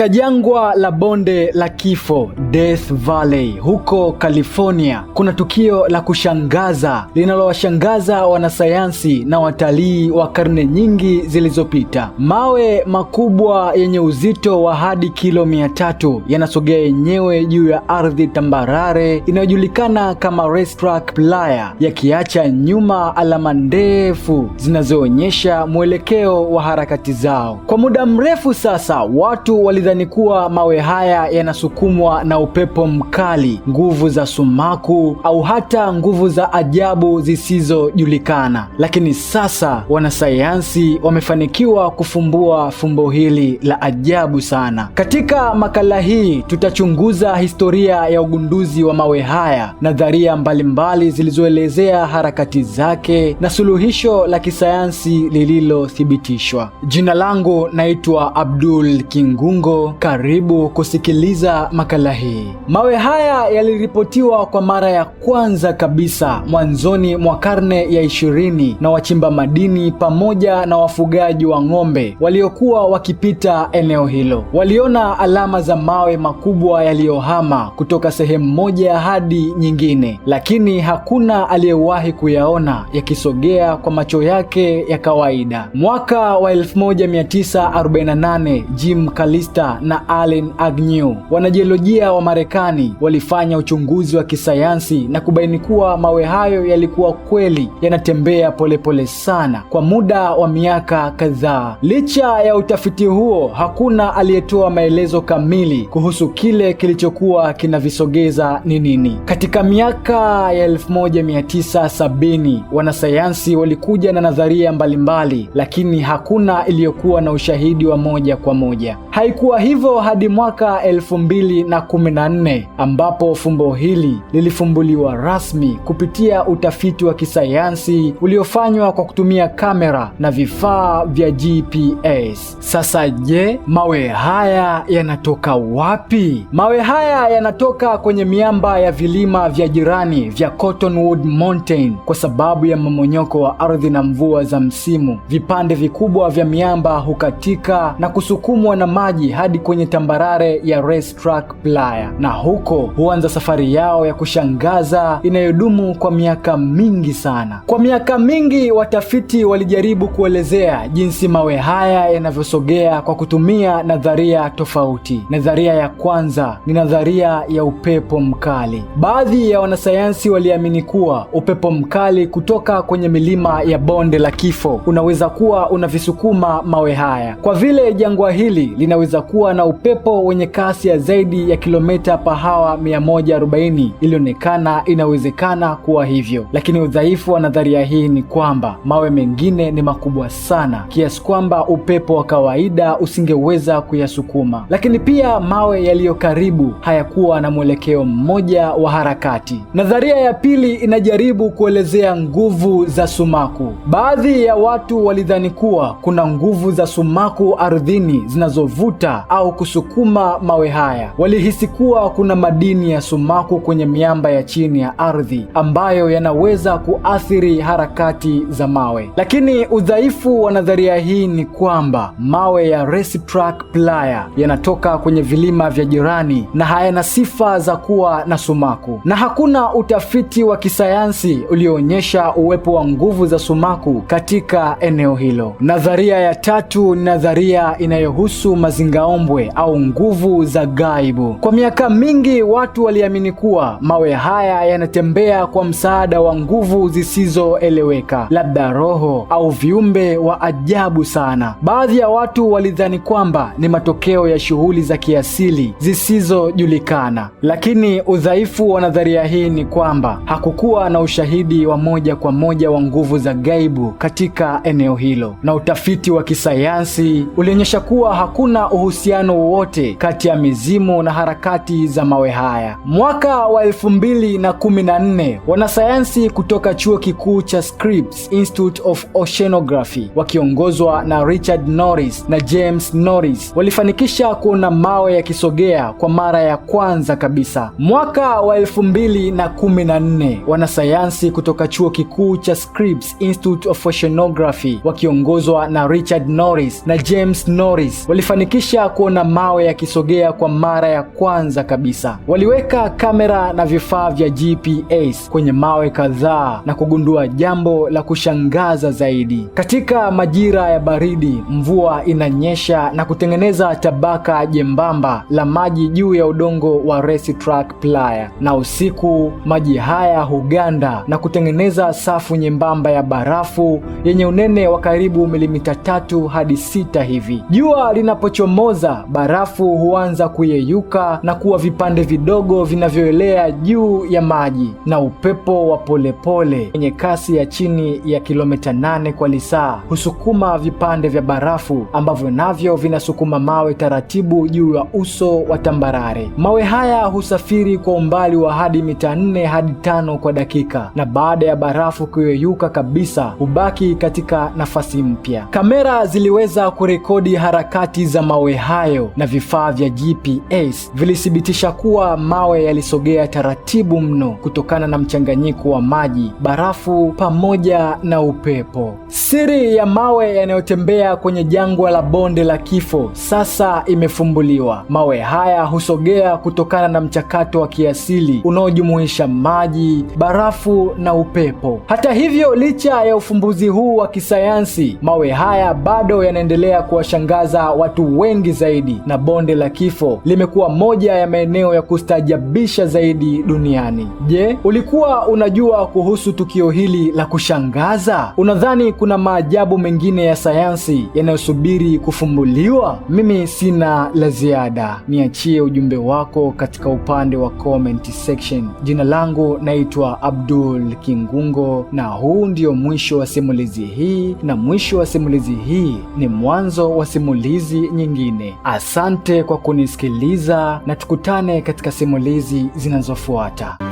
Katika jangwa la bonde la kifo Death Valley huko California, kuna tukio la kushangaza linalowashangaza wanasayansi na watalii wa karne nyingi zilizopita. Mawe makubwa yenye uzito wa hadi kilo mia tatu yanasogea yenyewe juu ya ardhi tambarare inayojulikana kama Racetrack Playa, yakiacha nyuma alama ndefu zinazoonyesha mwelekeo wa harakati zao. Kwa muda mrefu sasa watu walidha ni kuwa mawe haya yanasukumwa na upepo mkali, nguvu za sumaku au hata nguvu za ajabu zisizojulikana. Lakini sasa wanasayansi wamefanikiwa kufumbua fumbo hili la ajabu sana. Katika makala hii tutachunguza historia ya ugunduzi wa mawe haya, nadharia mbalimbali zilizoelezea harakati zake na suluhisho la kisayansi lililothibitishwa. Jina langu naitwa Abdul Kingungo yako, karibu kusikiliza makala hii. Mawe haya yaliripotiwa kwa mara ya kwanza kabisa mwanzoni mwa karne ya ishirini na wachimba madini pamoja na wafugaji wa ng'ombe waliokuwa wakipita eneo hilo. Waliona alama za mawe makubwa yaliyohama kutoka sehemu moja hadi nyingine, lakini hakuna aliyewahi kuyaona yakisogea kwa macho yake ya kawaida. Mwaka wa 1948 Jim Kalista Carter na Allen Agnew. Wanajiolojia wa Marekani walifanya uchunguzi wa kisayansi na kubaini kuwa mawe hayo yalikuwa kweli yanatembea polepole sana kwa muda wa miaka kadhaa. Licha ya utafiti huo, hakuna aliyetoa maelezo kamili kuhusu kile kilichokuwa kinavisogeza ni nini. Katika miaka ya 1970 wanasayansi walikuja na nadharia mbalimbali, lakini hakuna iliyokuwa na ushahidi wa moja kwa moja. Haikuwa Ilikuwa hivyo hadi mwaka 2014 ambapo fumbo hili lilifumbuliwa rasmi kupitia utafiti wa kisayansi uliofanywa kwa kutumia kamera na vifaa vya GPS. Sasa je, mawe haya yanatoka wapi? Mawe haya yanatoka kwenye miamba ya vilima vya jirani vya Cottonwood Mountain. Kwa sababu ya mmomonyoko wa ardhi na mvua za msimu, vipande vikubwa vya miamba hukatika na kusukumwa na maji hadi kwenye tambarare ya Track Playa, na huko huanza safari yao ya kushangaza inayodumu kwa miaka mingi sana. Kwa miaka mingi watafiti walijaribu kuelezea jinsi mawe haya yanavyosogea kwa kutumia nadharia tofauti. Nadharia ya kwanza ni nadharia ya upepo mkali. Baadhi ya wanasayansi waliamini kuwa upepo mkali kutoka kwenye milima ya bonde la kifo unaweza kuwa unavisukuma mawe haya, kwa vile jangwa hili linaweza kuwa na upepo wenye kasi ya zaidi ya kilomita pahawa 140. Ilionekana inawezekana kuwa hivyo, lakini udhaifu wa nadharia hii ni kwamba mawe mengine ni makubwa sana kiasi kwamba upepo wa kawaida usingeweza kuyasukuma. Lakini pia mawe yaliyo karibu hayakuwa na mwelekeo mmoja wa harakati. Nadharia ya pili inajaribu kuelezea nguvu za sumaku. Baadhi ya watu walidhani kuwa kuna nguvu za sumaku ardhini zinazovuta au kusukuma mawe haya. Walihisi kuwa kuna madini ya sumaku kwenye miamba ya chini ya ardhi ambayo yanaweza kuathiri harakati za mawe, lakini udhaifu wa nadharia hii ni kwamba mawe ya Resiprac Playa yanatoka kwenye vilima vya jirani na hayana sifa za kuwa na sumaku, na hakuna utafiti wa kisayansi ulioonyesha uwepo wa nguvu za sumaku katika eneo hilo. Nadharia ya tatu ni nadharia inayohusu mazinga maombwe au nguvu za gaibu. Kwa miaka mingi watu waliamini kuwa mawe haya yanatembea kwa msaada wa nguvu zisizoeleweka, labda roho au viumbe wa ajabu sana. Baadhi ya watu walidhani kwamba ni matokeo ya shughuli za kiasili zisizojulikana, lakini udhaifu wa nadharia hii ni kwamba hakukuwa na ushahidi wa moja kwa moja wa nguvu za gaibu katika eneo hilo, na utafiti wa kisayansi ulionyesha kuwa hakuna uhusiano uhusiano wowote kati ya mizimu na harakati za mawe haya. Mwaka wa 2014 wanasayansi kutoka chuo kikuu cha Scripps Institute of Oceanography wakiongozwa na Richard Norris na James Norris walifanikisha kuona mawe yakisogea kwa mara ya kwanza kabisa. Mwaka wa 2014 wanasayansi kutoka chuo kikuu cha Scripps Institute of Oceanography wakiongozwa na Richard Norris na James Norris walifanikisha kuona mawe yakisogea kwa mara ya kwanza kabisa. Waliweka kamera na vifaa vya GPS kwenye mawe kadhaa na kugundua jambo la kushangaza zaidi. Katika majira ya baridi, mvua inanyesha na kutengeneza tabaka jembamba la maji juu ya udongo wa Track playa, na usiku maji haya huganda na kutengeneza safu nyembamba ya barafu yenye unene wa karibu milimita tatu hadi sita hivi. Jua linapochomoza inapochomoza, barafu huanza kuyeyuka na kuwa vipande vidogo vinavyoelea juu ya maji, na upepo wa polepole wenye kasi ya chini ya kilomita nane kwa lisaa husukuma vipande vya barafu ambavyo navyo vinasukuma mawe taratibu juu ya uso wa tambarare. Mawe haya husafiri kwa umbali wa hadi mita nne hadi tano kwa dakika, na baada ya barafu kuyeyuka kabisa hubaki katika nafasi mpya. Kamera ziliweza kurekodi harakati za mawe hayo na vifaa vya GPS vilithibitisha kuwa mawe yalisogea taratibu mno kutokana na mchanganyiko wa maji, barafu pamoja na upepo. Siri ya mawe yanayotembea kwenye jangwa la bonde la kifo sasa imefumbuliwa. Mawe haya husogea kutokana na mchakato wa kiasili unaojumuisha maji, barafu na upepo. Hata hivyo, licha ya ufumbuzi huu wa kisayansi, mawe haya bado yanaendelea kuwashangaza watu wengi nyingi zaidi na bonde la kifo limekuwa moja ya maeneo ya kustajabisha zaidi duniani. Je, ulikuwa unajua kuhusu tukio hili la kushangaza? Unadhani kuna maajabu mengine ya sayansi yanayosubiri kufumbuliwa? Mimi sina la ziada, niachie ujumbe wako katika upande wa comment section. Jina langu naitwa Abdul Kingungo, na huu ndio mwisho wa simulizi hii, na mwisho wa simulizi hii ni mwanzo wa simulizi nyingine nyingine. Asante kwa kunisikiliza na tukutane katika simulizi zinazofuata.